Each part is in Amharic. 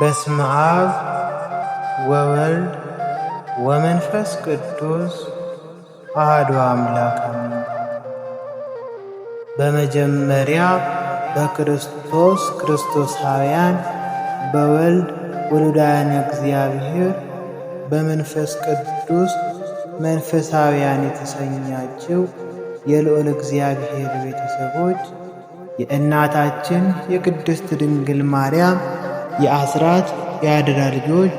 በስመ አብ ወወልድ ወመንፈስ ቅዱስ አሐዱ አምላክ በመጀመሪያ በክርስቶስ ክርስቶሳውያን በወልድ ውሉዳያን እግዚአብሔር በመንፈስ ቅዱስ መንፈሳውያን የተሰኛችው የልዑል እግዚአብሔር ቤተሰቦች የእናታችን የቅድስት ድንግል ማርያም የአስራት የአደራ ልጆች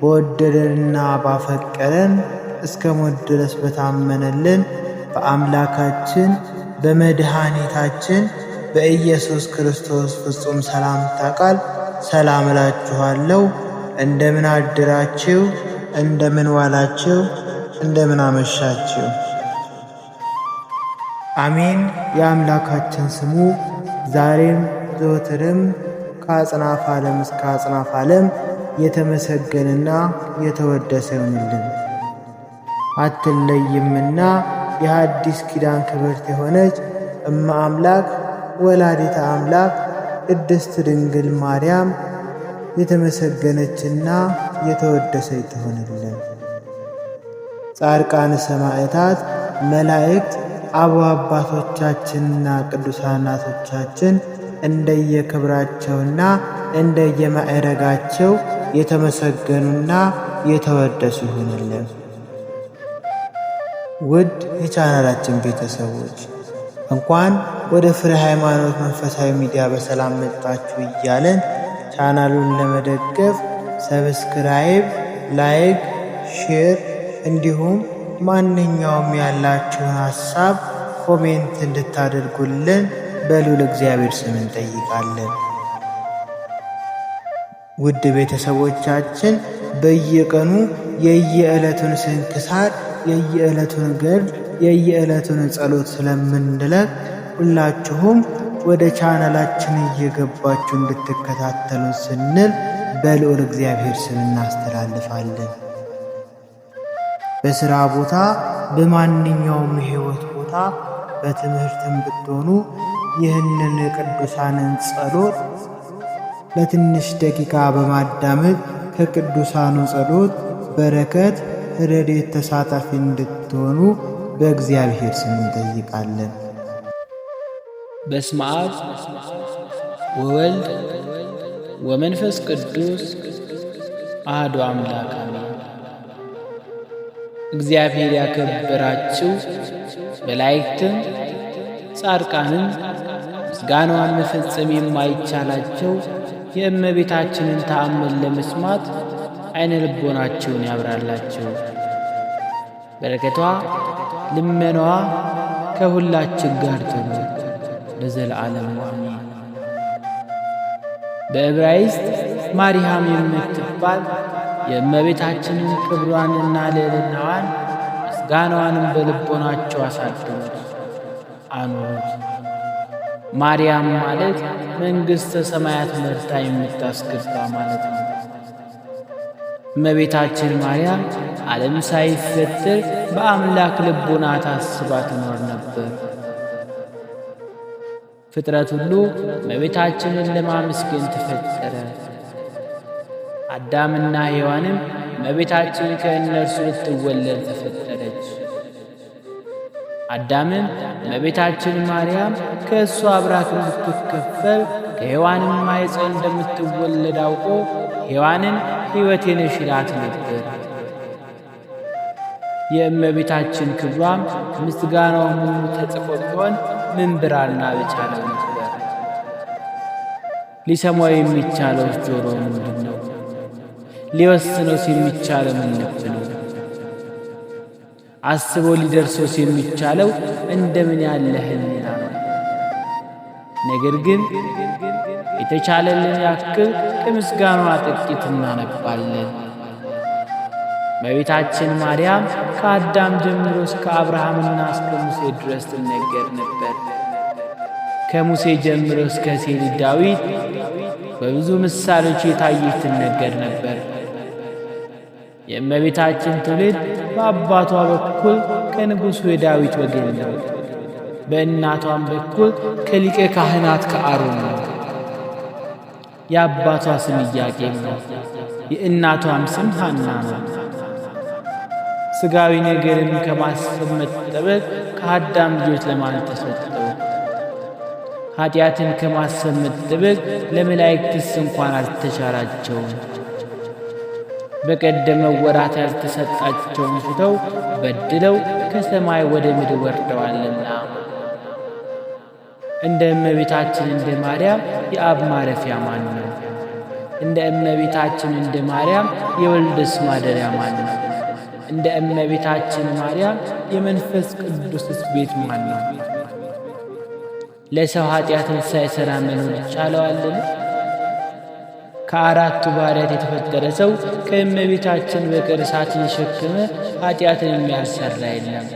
በወደደንና ባፈቀረን እስከ ሞት ድረስ በታመነልን በአምላካችን በመድኃኒታችን በኢየሱስ ክርስቶስ ፍጹም ሰላምታ ቃል ሰላም እላችኋለሁ። እንደምን አደራችሁ እንደምን ዋላችሁ? እንደምን አመሻችሁ? አሜን። የአምላካችን ስሙ ዛሬም ዘወትርም ከአጽናፍ ዓለም እስከ አጽናፍ ዓለም የተመሰገነና የተወደሰ ይሆንልን። አትለይምና የሐዲስ ኪዳን ክብርት የሆነች እመ አምላክ ወላዲተ አምላክ ቅድስት ድንግል ማርያም የተመሰገነችና የተወደሰች ትሆንልን። ጻድቃን ሰማዕታት፣ መላእክት፣ አቡ አባቶቻችንና ቅዱሳን እናቶቻችን እንደየክብራቸውና እንደየማዕረጋቸው የተመሰገኑና የተወደሱ ይሆንልን። ውድ የቻናላችን ቤተሰቦች እንኳን ወደ ፍሬ ሃይማኖት መንፈሳዊ ሚዲያ በሰላም መጣችሁ እያለን ቻናሉን ለመደገፍ ሰብስክራይብ፣ ላይክ፣ ሼር እንዲሁም ማንኛውም ያላችሁን ሀሳብ ኮሜንት እንድታደርጉልን በልዑል እግዚአብሔር ስም እንጠይቃለን። ውድ ቤተሰቦቻችን በየቀኑ የየዕለቱን ስንክሳር፣ የየዕለቱን ገድል፣ የየዕለቱን ጸሎት ስለምንለቅ ሁላችሁም ወደ ቻናላችን እየገባችሁ እንድትከታተሉን ስንል በልዑል እግዚአብሔር ስም እናስተላልፋለን። በሥራ ቦታ፣ በማንኛውም የሕይወት ቦታ፣ በትምህርትም ብትሆኑ ይህንን ቅዱሳንን ጸሎት ለትንሽ ደቂቃ በማዳመጥ ከቅዱሳኑ ጸሎት በረከት፣ ረድኤት ተሳታፊ እንድትሆኑ በእግዚአብሔር ስም እንጠይቃለን። በስመ አብ ወወልድ ወመንፈስ ቅዱስ አሐዱ አምላክ አሜን። እግዚአብሔር ያከበራችሁ በላይትን ጻድቃንን ምስጋናዋን መፈጸም የማይቻላቸው የእመቤታችንን ተአምር ለመስማት አይነ ልቦናቸውን ያብራላቸው። በረከቷ ልመናዋ ከሁላችን ጋር ትኑ ለዘለዓለም አሜን። በዕብራይስጥ ማርያም የምትባል የእመቤታችንን ክብሯንና ልዕልናዋን ምስጋናዋንም በልቦናቸው አሳድሩት አኑሩት። ማርያም ማለት መንግሥተ ሰማያት መርታ የምታስገባ ማለት ነው። እመቤታችን ማርያም ዓለም ሳይፈጠር በአምላክ ልቡና ታስባ ትኖር ነበር። ፍጥረት ሁሉ እመቤታችንን ለማመስገን ተፈጠረ። አዳምና ሔዋንም እመቤታችን ከእነርሱ ልትወለድ ተፈጠረ። አዳምም እመቤታችን ማርያም ከእሱ አብራት እንድትከፈል ከሔዋንም ማኅፀን እንደምትወለድ አውቆ ሔዋንን ሕይወቴ ነሽ ይላት ነበር። የእመቤታችን ክብሯም ምስጋናው ሙሉ ተጽፎ ቢሆን ምንብራና ብቻ ነው ነበር። ሊሰማው የሚቻለው ጆሮ ምንድን ነው? ሊወስነውስ የሚቻለው ምን ነው? አስቦ ሊደርሶስ የሚቻለው እንደምን ያለ ህሊና ነው። ነገር ግን የተቻለልን ያክል ከምስጋኗ ጥቂት እናነባለን። በቤታችን ማርያም ከአዳም ጀምሮ እስከ አብርሃምና እስከ ሙሴ ድረስ ትነገር ነበር። ከሙሴ ጀምሮ እስከ ሴሊ ዳዊት በብዙ ምሳሌዎች የታየች ትነገር ነበር። የእመቤታችን ትውልድ በአባቷ በኩል ከንጉሡ የዳዊት ወገን ነው። በእናቷም በኩል ከሊቀ ካህናት ከአሮን ነው። የአባቷ ስም ኢያቄም ነው። የእናቷም ስም ሐና ነው። ሥጋዊ ነገርን ከማሰብ መጠበቅ ከአዳም ልጆች ለማን ተሰጠው? ኀጢአትን ከማሰብ መጠበቅ ለመላእክትስ እንኳን አልተቻላቸውም። በቀደመው ወራት ያልተሰጣቸውን ስተው በድለው ከሰማይ ወደ ምድር ወርደዋልና እንደ እመቤታችን እንደ ማርያም የአብ ማረፊያ ማን ነው? እንደ እመቤታችን እንደ ማርያም የወልድስ ማደሪያ ማን ነው? እንደ እመቤታችን ማርያም የመንፈስ ቅዱስስ ቤት ማን ነው? ለሰው ኃጢአትን ሳይሰራ መኖር ይቻለዋልን? ከአራቱ ባሪያት የተፈጠረ ሰው ከእመቤታችን በቀር እሳት እየሸከመ ኃጢአትን የሚያሰራ የለም።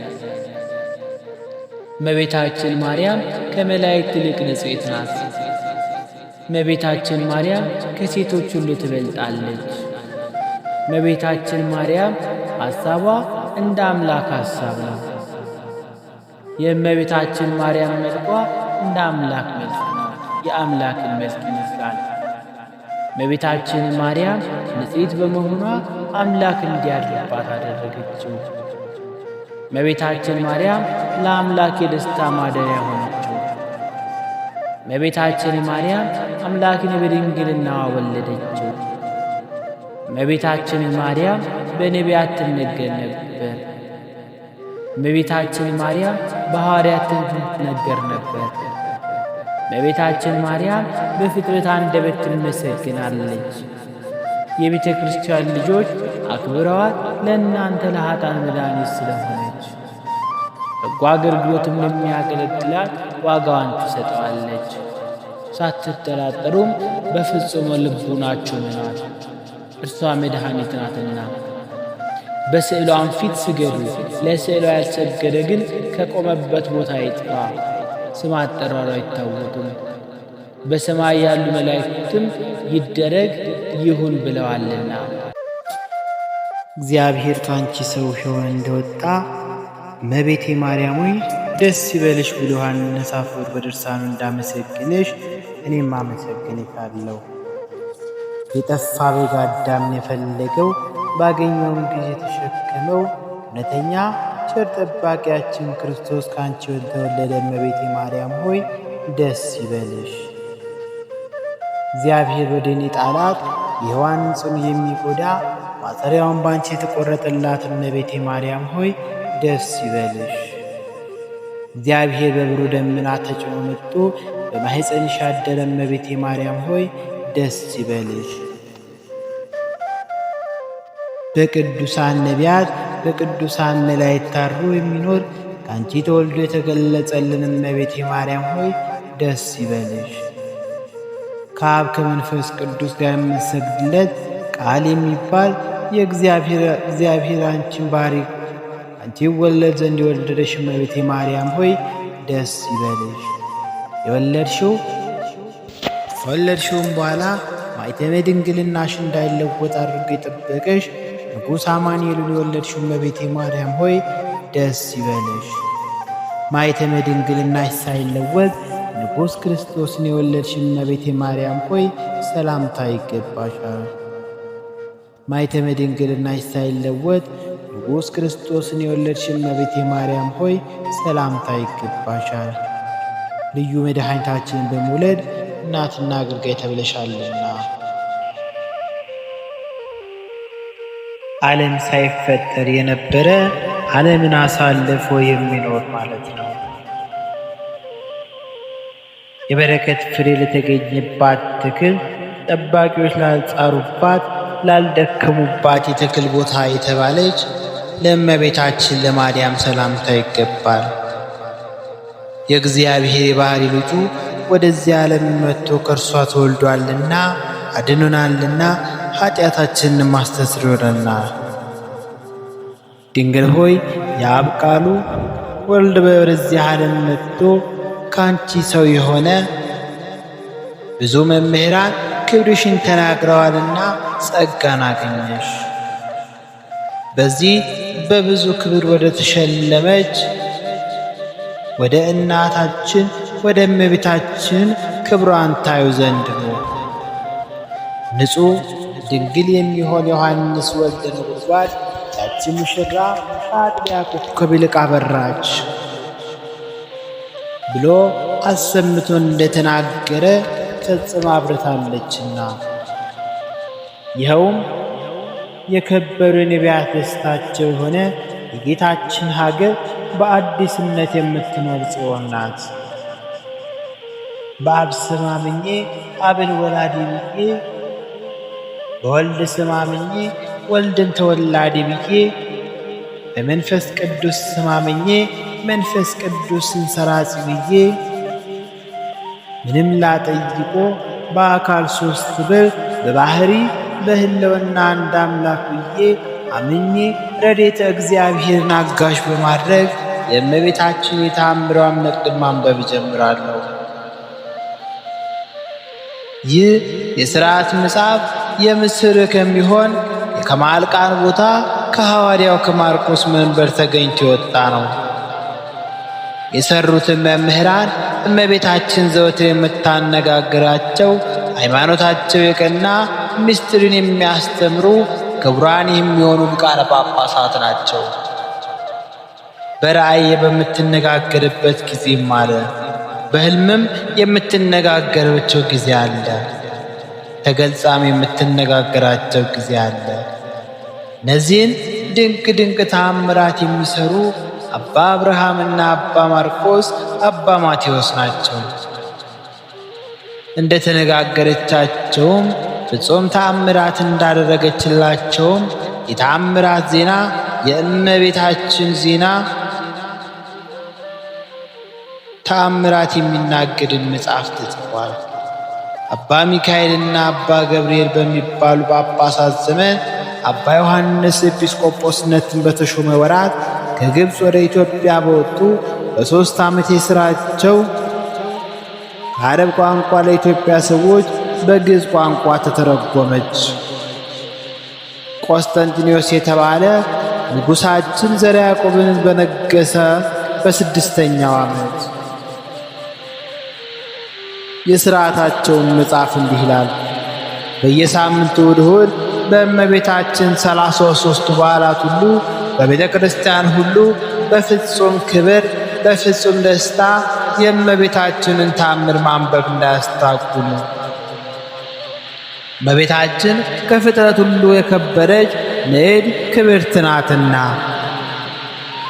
እመቤታችን ማርያም ከመላእክት ይልቅ ንጽሕት ናት። እመቤታችን ማርያም ከሴቶች ሁሉ ትበልጣለች። እመቤታችን ማርያም ሐሳቧ እንደ አምላክ ሐሳብ ነው። የእመቤታችን ማርያም መልኳ እንደ አምላክ መልክ ነው። የአምላክን መልክ ይመስላል። እመቤታችን ማርያም ንጽሕት በመሆኗ አምላክ እንዲያድርባት አደረገችው። እመቤታችን ማርያም ለአምላክ የደስታ ማደሪያ ሆነችው። እመቤታችን ማርያም አምላክን በድንግልናዋ ወለደችው። እመቤታችን ማርያም በነቢያት ትነገር ነበር። እመቤታችን ማርያም በሐዋርያት ትነገር ነበር። በቤታችን ማርያም በፍጥረት አንደበት ትመሰግናለች። የቤተ ክርስቲያን ልጆች አክብረዋት ለእናንተ ለኃጥአን መድኃኒት ስለሆነች በጎ አገልግሎትም ለሚያገለግላት ዋጋዋን ትሰጠዋለች። ሳትጠራጠሩም በፍጹም ልቡናችሁ ናት። እርሷ መድኃኒት ናትና በስዕሏን ፊት ስገዱ። ለስዕሏ ያልሰገደ ግን ከቆመበት ቦታ ይጥፋ። ስም አጠራሩ አይታወቁም። በሰማይ ያሉ መላእክትም ይደረግ ይሁን ብለዋልና እግዚአብሔር ታንቺ ሰው ሆኖ እንደወጣ መቤቴ ማርያም ሆይ ደስ ይበልሽ ብሎ ዮሐንስ አፈወርቅ በድርሳኑ እንዳመሰግንሽ እኔም አመሰግንሻለሁ። የጠፋ በግ አዳምን የፈለገው ባገኘውም ጊዜ ተሸክመው እውነተኛ ቸር ጠባቂያችን ክርስቶስ ከአንቺ የተወለደ እመቤቴ ማርያም ሆይ ደስ ይበልሽ። እግዚአብሔር ወደ እኔ ጣላት የሔዋንን ጽኑ የሚጎዳ ማጸሪያውን ባንቺ የተቆረጠላት እመቤቴ ማርያም ሆይ ደስ ይበልሽ። እግዚአብሔር በብሩህ ደመና ተጭኖ መጥቶ በማኅፀንሽ ያደረ እመቤቴ ማርያም ሆይ ደስ ይበልሽ። በቅዱሳን ነቢያት በቅዱሳን ላይ ታሩ የሚኖር ከአንቺ ተወልዶ የተገለጸልን እመቤቴ ማርያም ሆይ ደስ ይበልሽ። ከአብ ከመንፈስ ቅዱስ ጋር የምንሰግድለት ቃል የሚባል የእግዚአብሔር አንቺን ባሪ አንቺ ወለድ ዘንድ የወለደሽ እመቤቴ ማርያም ሆይ ደስ ይበልሽ። የወለድሽው ከወለድሽውም በኋላ ማይተመ ድንግልናሽ እንዳይለወጥ አድርጎ የጠበቀሽ ንጉሥ አማኑኤልን የወለድሽው እመቤቴ ማርያም ሆይ ደስ ይበልሽ። ማኅተመ ድንግልናሽ ሳይለወጥ ንጉሥ ክርስቶስን የወለድሽ እመቤቴ ማርያም ሆይ ሰላምታ ይገባሻል። ማኅተመ ድንግልናሽ ሳይለወጥ ንጉሥ ክርስቶስን የወለድሽ እመቤቴ ማርያም ሆይ ሰላምታ ይገባሻል። ልዩ መድኃኒታችንን በመውለድ እናትና አገልጋይ ተብለሻለና ዓለም ሳይፈጠር የነበረ ዓለምን አሳልፎ የሚኖር ማለት ነው። የበረከት ፍሬ ለተገኘባት ተክል ጠባቂዎች ላልጻሩባት፣ ላልደከሙባት የተክል ቦታ የተባለች ለእመቤታችን ለማርያም ሰላምታ ይገባል። የእግዚአብሔር የባህሪ ልጁ ወደዚህ ዓለም መጥቶ ከእርሷ ተወልዷልና አድኖናልና ኃጢአታችንን አስተስርዮልናል። ድንግል ሆይ የአብ ቃሉ ወልድ በወደዚህ ዓለም መጥቶ ከአንቺ ሰው የሆነ ብዙ መምህራን ክብርሽን ተናግረዋልና ጸጋን አገኘሽ። በዚህ በብዙ ክብር ወደ ተሸለመች ወደ እናታችን ወደ እመቤታችን ክብሯን ታዩ ዘንድ ነው። ንጹሕ ድንግል የሚሆን ዮሐንስ ወልደ ነጎድጓድ ያቺ ሙሽራ ከአጥቢያ ኮከብ ይልቅ አበራች ብሎ አሰምቶ እንደተናገረ ፈጽማ አብርታለችና ይኸውም የከበሩ የነቢያት ደስታቸው የሆነ የጌታችን ሀገር በአዲስነት የምትኖር ጽዮን ናት። በአብ ስም አብን ወላዲ ብዬ በወልድ ስም አምኜ ወልድን ተወላዴ ብዬ በመንፈስ ቅዱስ ስም አምኜ መንፈስ ቅዱስን ሰራጽ ብዬ ምንም ላጠይቆ በአካል ሶስት ብር በባህሪ በህለውና አንድ አምላክ ብዬ አምኜ ረዴተ እግዚአብሔርን አጋዥ በማድረግ የእመቤታችን የተአምሯን መቅድም ማንበብ ጀምራለሁ ይህ የሥርዓት መጽሐፍ የምስር ከሚሆን የከማልቃን ቦታ ከሐዋርያው ከማርቆስ መንበር ተገኝቶ የወጣ ነው። የሰሩትን መምህራን እመቤታችን ዘወትር የምታነጋግራቸው ሃይማኖታቸው የቀና ምስጢርን የሚያስተምሩ ክቡራን የሚሆኑ ሊቃነ ጳጳሳት ናቸው። በራእይ በምትነጋገርበት ጊዜም አለ፣ በሕልምም የምትነጋገርቸው ጊዜ አለ። ተገልጻም የምትነጋገራቸው ጊዜ አለ። እነዚህን ድንቅ ድንቅ ተአምራት የሚሰሩ አባ አብርሃምና አባ ማርቆስ አባ ማቴዎስ ናቸው። እንደ ተነጋገረቻቸውም ፍጹም ተአምራት እንዳደረገችላቸውም የተአምራት ዜና የእመቤታችን ዜና ተአምራት የሚናገድን መጽሐፍ ተጽፏል። አባ ሚካኤልና አባ ገብርኤል በሚባሉ ጳጳሳት ዘመን አባ ዮሐንስ ኤጲስቆጶስነትን በተሾመ ወራት ከግብፅ ወደ ኢትዮጵያ በወጡ በሦስት ዓመት የሥራቸው ከአረብ ቋንቋ ለኢትዮጵያ ሰዎች በግዕዝ ቋንቋ ተተረጎመች። ቆስጠንጢኖስ የተባለ ንጉሣችን ዘርዓ ያዕቆብን በነገሰ በስድስተኛው ዓመት የሥርዓታቸውን መጽሐፍ እንዲህ ይላል። በየሳምንቱ እሑድ እሑድ በእመቤታችን ሰላሳ ሦስቱ በዓላት ሁሉ በቤተ ክርስቲያን ሁሉ በፍጹም ክብር በፍጹም ደስታ የእመቤታችንን ታምር ማንበብ እንዳያስታጉሙ። እመቤታችን ከፍጥረት ሁሉ የከበረች ንድ ክብርት ናትና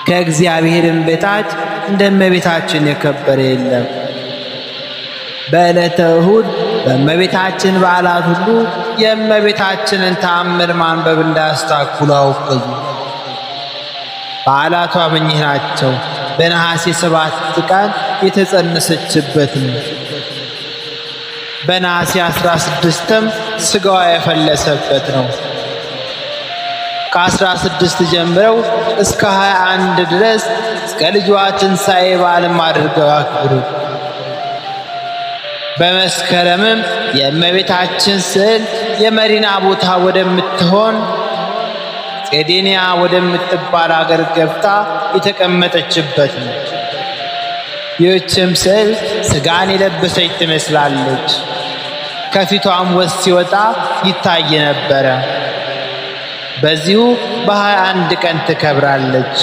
ከእግዚአብሔርን በታች እንደ እመቤታችን የከበረ የለም። በዕለተ እሁድ በእመቤታችን በዓላት ሁሉ የእመቤታችንን ተአምር ማንበብ እንዳያስታኩሉ አውቅዙ። በዓላቷ እኚህ ናቸው። በነሐሴ ሰባት ቀን የተጸነሰችበትም በነሐሴ አስራ ስድስትም ሥጋዋ የፈለሰበት ነው። ከአስራ ስድስት ጀምረው እስከ ሀያ አንድ ድረስ እስከ ልጇ ትንሣኤ በዓልም አድርገው አክብሩ። በመስከረምም የእመቤታችን ስዕል የመዲና ቦታ ወደምትሆን ጼዴንያ ወደምትባል አገር ገብታ የተቀመጠችበት ነው። ይህችም ስዕል ሥጋን የለበሰች ትመስላለች። ከፊቷም ወስ ሲወጣ ይታይ ነበረ። በዚሁ በሃያ አንድ ቀን ትከብራለች።